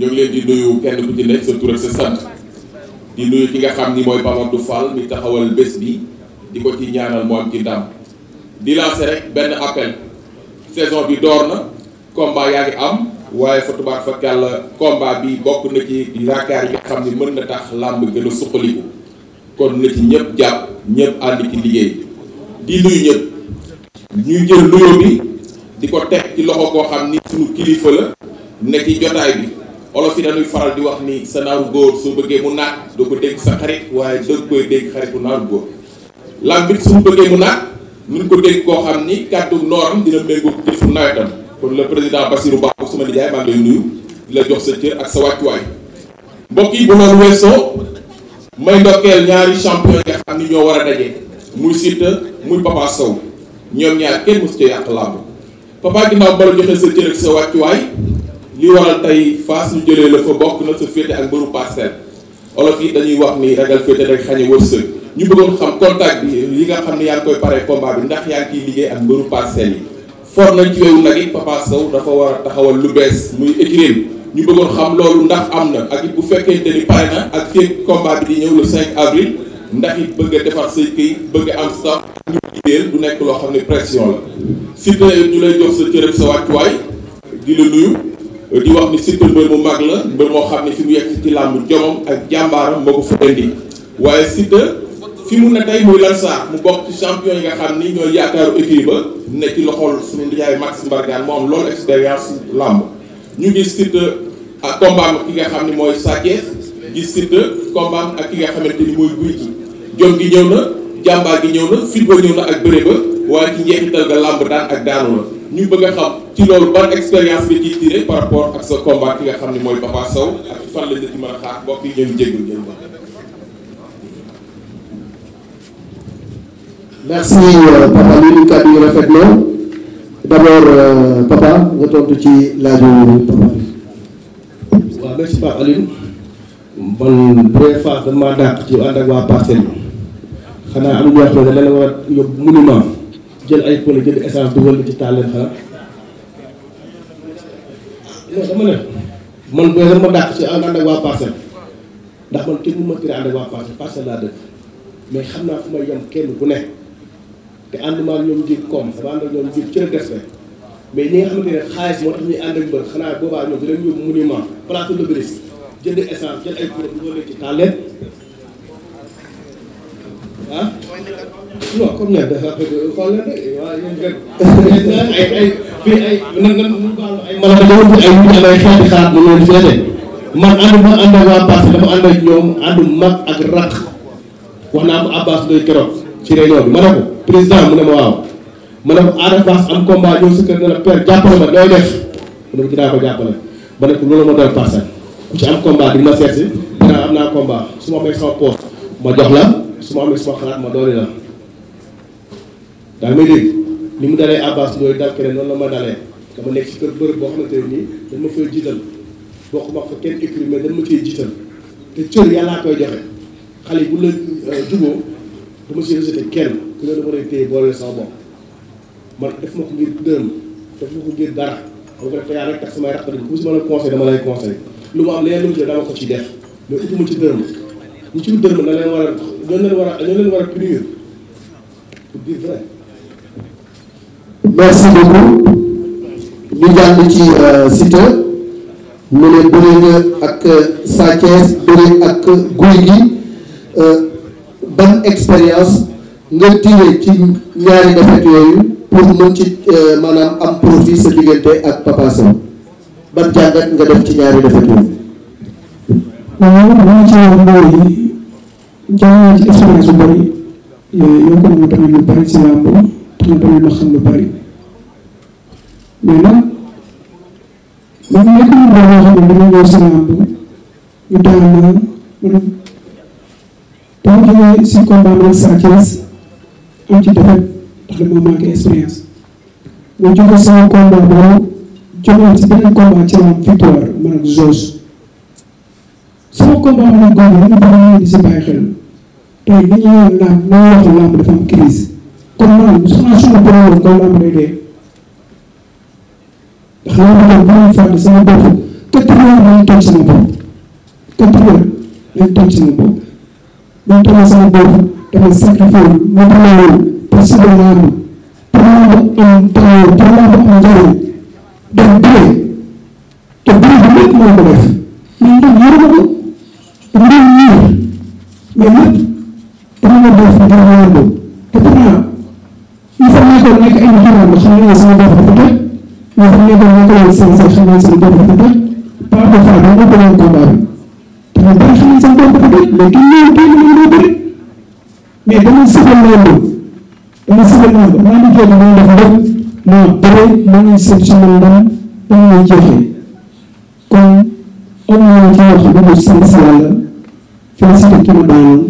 ñu di nuyu kenn ku ci nekk sa tur sa sant di nuyu ki nga xam ni mooy Pape Abdou Fall mi taxawal bés bi di ko ci ñaanal moo am ci ndam di rek benn appel saison bi door na combat yaa ngi am waaye fa tubaab fa kàll combat bi bokk na ci yaakaar yi nga xam ni mën na tax làmb gën a suqaliku kon na ci ñëpp jàpp ñëpp ànd ci liggéey di nuyu ñëpp ñuy jël nuyoo bi di ko teg ci loxo koo xam ni suñu kilifa la ne jotaay bi. olof yi dañuy faral di wax ni sa naaru góor soo bëggee mu naat doo ko dégg sa xarit waaye doo koy dégg xaritu naaru góor lambit suñu bëggee mu naat nun ko dégg koo xam ni kàddu nooram dina méngoo jëfu nawetam kon le président Bassirou Ba suma nijaay maa ngi lay nuyu di jox sa cër ak sa wàccuwaay mbokk yi bu noonu weesoo may ndokkeel ñaari champion nga xam ni ñoo war a daje muy Siteu muy Papa Sow ñoom ñaar kenn mosu ca yàq làmb papa ginnaaw bala joxe li waral tey Fass ñu jëlee la fa bokk na sa féete ak mbëru Parcelles olof yi dañuy wax ni ragal féete rek xañe wërsëg ñu bëggoon xam contact bi yi nga xam ne yaa ngi koy pare combat bi ndax yaa ngi ciy liggéey ak mbëru Parcelles yi for nañ ci wewu nag it Papa dafa war a taxawal lu bees muy écrire ñu bëggoon xam loolu ndax am na ak bu fekkee ni pare na ak féeg combat bi di ñëw le avril ndax it bëgg a defar say këy bëgg a am sax ñu liggéeyal du nekk loo xam ne pression la si ñu lay jox sa cërëb sa wàccuwaay di di wax ni Siteu mbër mu mag la mbër moo xam ne fi mu yegg ci làmb jomam ak jàmbaaram moo ko fa indi waaye Siteu fi mu na tey muy Lansar mu bokk ci champion yi nga xam ni ñooy yaakaaru équipe ba ne ci loxol suñu ndijaay Max Mbargane moo am loolu expérience làmb ñu gis Siteu ak ki nga xam ne mooy Sa Thiès gis Siteu kombaam ak ki nga xamante ni mooy Gouye Gui jom gi ñëw na jàmbaar gi ñëw na fit ba ñëw na ak bëre ba waaye ci njeexital ga làmb daan ak daanu la ñu bëgg a xam ci loolu ban expérience bi ciy tiré par rapport ak sa combat ki nga xam ne mooy Papa Sow ak ci fan lañ la ci mën a xaar mbokk yi ñoom jéggul ngeen ma merci euh, papa li ñu kàddu yu rafet na d' euh, papa nga tontu ci laaju papa waaw merci papa Aline man bref dama dàq ci ànd ak parcelle xanaa am ñoo xam ne dana war a yóbbu monument jël ay pôles jël essence dugal ci taal xanaa man booy ma dàq si ànd ak waa parcelle ndax man kenn xam naa fu may yem kenn bu ne te ànduma ak ñoom jiit koom dama ànd ak ñoom jiit cër respect mais ñi nga xamante ne xaalis moo tax ñuy ànd ak mbër xanaa boobaa ñoom dinañ yóbbu monument place de l'Obélisque jënd essence jël ay pôles dugal leen ci taal Huh? No, kom niet. Kalau ni, benar yang ya? malah anu, anu, anu, dalam ay ay xati xaat ni leen ci la de man andu ma andu wa pass dama andu ak ñoom andu mag ak rak wax naa ko abbas doy kérok ci réunion bi ma ne ko président mu ne ma waaw ma ne ko aada pass am combat ñëw sa kër ne la père jàppale ma nooy def mu ne ko dinaa ko jàppale su ma amee suma xalaat ma dooli la daal may ni mu dalee Abbas Ndoye dal keneen noonu la ma dalee dama nekk ci kër bërëb boo xamante ne nii dañ ma fay jiital bokk ma fa kenn écrit ma cee jiital te cër yàllaa koy joxe xale yi bu la euh, juboo dama si rejeté kenn ku ne dama lay téye ma ko def ma ngir dara te yàlla rek tax samay raq dañ bu si ma la conseil dama lay conseil lu am leneen lu ma ci def mais utuma ci dërëm ñu ci dërëm na leen war loolu leen war a loolu leen war a prier merci beaucoup ñu jàng ci euh, Siteu mu ne bëri nga ak euh, Sa Thiès bëri ak Gouye Gui euh, ban expérience nga tiré ci ñaari defet yooyu pour mën ci maanaam am profit sa diggante ak Papa ban jàngat nga def ci ñaari defet yooyu. waaw li ma ci wax mooy. jaawaale ci expérience bu bëri euh, yokku na ma tamit lu bëri ci làmb tax na tamit ma xam lu bëri mais nag man nekk na mbir yoo xam ne dama ñëw si làmb ñu daal ma man dama jógee si combat bi Sa Thiès am ci defet tax dama manqué expérience ma jógee sama combat si beneen combat ci làmb victoire man ak Zoss sama combat man ak góor yi ñu bëri di si bàyyi xel tey li ñu naan naan moo wax làmb dafa am crise comme man xanaa suma problème ko làmb day dee ndax làmb daal bu ñu fàtte sama bopp quatre heures lañ toj sama bopp quatre heures lañ toj sama bopp lañ toj sama bopp dama sacrifié ma taxawal pour suba làmb pour làmb am taxawal pour làmb am njëriñ dem bëree te bëree bi lépp moo ko def mais ndox yoruma ko ndox ñiir mais lépp amoon doo fi gën a war a doon te pourtant il faut nekkoon nekk ay xaroon xam ne sama bopp dafa toj ñoo xam ne doon nekk woon seen sax xam ne seen bopp dafa toj par rapport ak dañoo ko doon combat bi te ñu bari xam ne seen bopp dafa toj mais kenn ñëw kenn mën na bëri mais dama sëbal leen loolu dama sëbal leen ko maa ngi jël mu def lépp moo bëre maa ngi seet ci man ndam dama lay jeexee kon am na ci wax bu mu sant si yàlla félicité ki ma daanoon